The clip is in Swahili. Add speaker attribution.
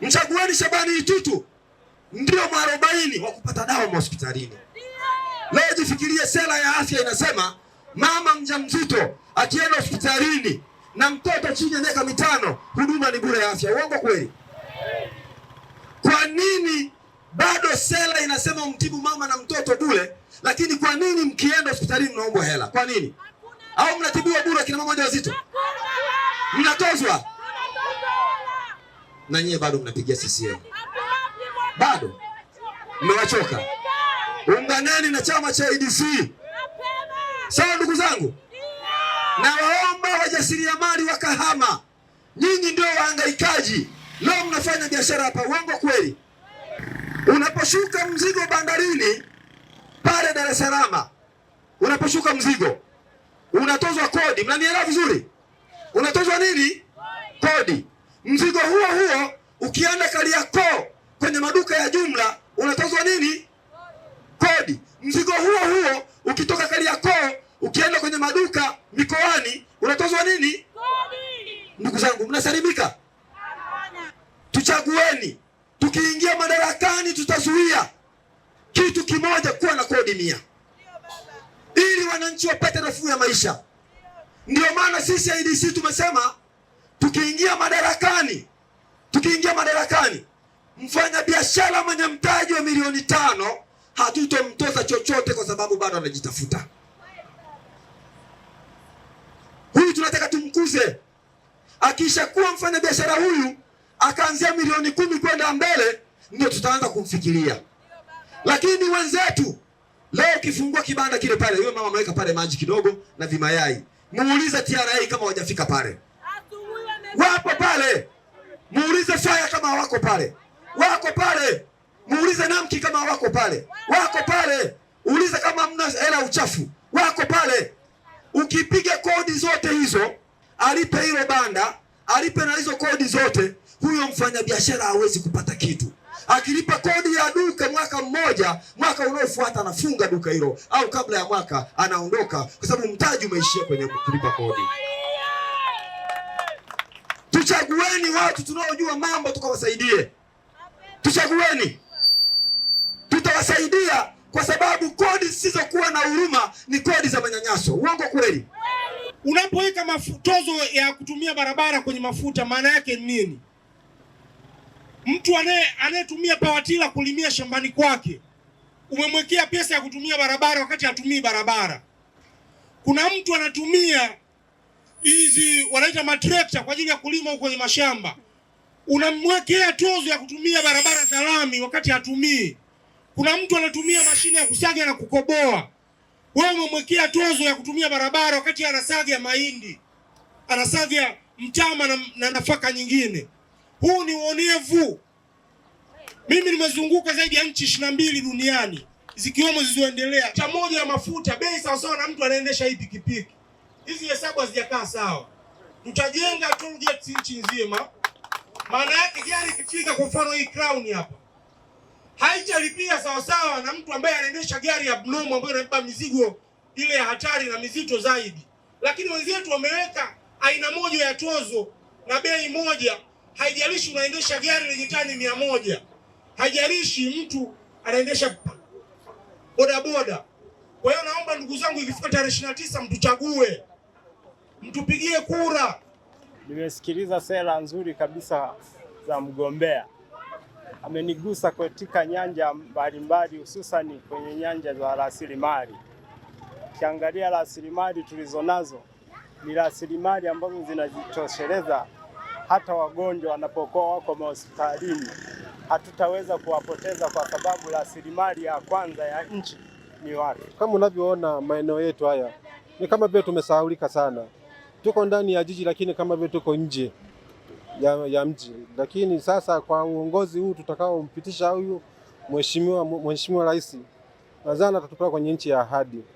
Speaker 1: Mchagueni Shabani Itutu ndio mwarobaini wa kupata dawa hospitalini. Leo jifikirie, sera ya afya inasema mama mjamzito akienda hospitalini na mtoto chini ya miaka mitano huduma ni bure ya afya. Uongo kweli? Kwa nini bado sera inasema umtibu mama na mtoto bure, lakini kwa nini mkienda hospitalini mnaombwa hela? Kwa nini? Au mnatibiwa bure kina mama wajawazito mnatozwa na nyewe bado mnapigia CCM, bado mmewachoka. Unganeni na chama cha ADC. Sawa, ndugu zangu, nawaomba wajasiriamali wa Kahama, nyinyi ndio wahangaikaji leo. Mnafanya biashara hapa, uongo kweli? Unaposhuka mzigo bandarini pale Dar es Salaam, unaposhuka mzigo unatozwa kodi, mnanielewa vizuri? Unatozwa nini? Kodi. Mzigo huo huo ukienda Kariakoo kwenye maduka ya jumla unatozwa nini? Kodi. Mzigo huo huo ukitoka Kariakoo ukienda kwenye maduka mikoani unatozwa nini? Kodi. Ndugu zangu, mnasalimika. Tuchagueni, tukiingia madarakani tutazuia kitu kimoja, kuwa na kodi mia, ili wananchi wapate nafuu ya maisha. Ndiyo maana sisi ADC tumesema tukiingia madarakani, tukiingia madarakani, mfanya biashara mwenye mtaji wa milioni tano hatutomtoza chochote, kwa sababu bado anajitafuta. Huyu tunataka tumkuze, akishakuwa mfanya biashara huyu akaanzia milioni kumi kwenda mbele, ndio tutaanza kumfikiria. Lakini wenzetu leo, ukifungua kibanda kile pale, yule mama ameweka pale maji kidogo na vimayai, muulize TRA kama wajafika pale. Wapo pale, muulize Shaya kama wako pale, wako pale. Muulize Namki kama wako pale, wako pale. Uliza kama mna hela uchafu, wako pale. Ukipiga kodi zote hizo, alipe hilo banda, alipe na hizo kodi zote, huyo mfanyabiashara hawezi kupata kitu. Akilipa kodi ya duka mwaka mmoja, mwaka unaofuata anafunga duka hilo, au kabla ya mwaka anaondoka, kwa sababu mtaji umeishia kwenye kulipa kodi. Tuchagueni watu tunaojua mambo tukawasaidie, tuchagueni, tutawasaidia kwa sababu kodi zisizokuwa na huruma ni kodi za manyanyaso. Uongo kweli? Unapoweka mafutozo ya kutumia barabara kwenye mafuta, maana yake nini? Mtu anayetumia pawatila kulimia shambani kwake umemwekea pesa ya kutumia barabara wakati hatumii barabara. Kuna mtu anatumia hizi wanaita matrekta kwa ajili ya kulima huko kwenye mashamba, unamwekea tozo ya kutumia barabara za lami wakati hatumii. Kuna mtu anatumia mashine ya kusaga na kukoboa, wewe umemwekea tozo ya kutumia barabara wakati anasaga mahindi, anasaga mtama na, na nafaka nyingine. Huu ni uonevu. Mimi nimezunguka zaidi ya nchi ishirini na mbili duniani zikiwemo zilizoendelea. Cha moja ya mafuta bei sawasawa na mtu anaendesha hii pikipiki hizi hesabu hazijakaa sawa. Tutajenga toll gates nchi nzima. Maana yake gari ikifika, kwa mfano hii crown hapa haitalipia sawasawa na mtu ambaye anaendesha gari ya abnormal ambayo inabeba mizigo ile ya hatari na mizito zaidi, lakini wenzetu wameweka aina moja ya tozo na bei moja, haijalishi unaendesha gari lenye tani mia moja, haijalishi mtu anaendesha bodaboda. Kwa hiyo naomba ndugu zangu, ikifika tarehe ishirini na tisa mtuchague mtupigie kura.
Speaker 2: Nimesikiliza sera nzuri kabisa za mgombea, amenigusa katika nyanja mbalimbali, hususani kwenye nyanja za rasilimali. Ukiangalia rasilimali tulizonazo ni rasilimali ambazo zinajitosheleza. Hata wagonjwa wanapokuwa wako mahospitalini hatutaweza kuwapoteza kwa sababu rasilimali ya kwanza ya nchi ni watu.
Speaker 3: Kama unavyoona maeneo yetu haya ni kama vile tumesahaulika sana tuko ndani ya jiji lakini kama vile tuko nje ya, ya mji. Lakini sasa kwa uongozi huu tutakaompitisha huyu mheshimiwa mheshimiwa rais, nadhani atatupeleka kwenye nchi ya ahadi.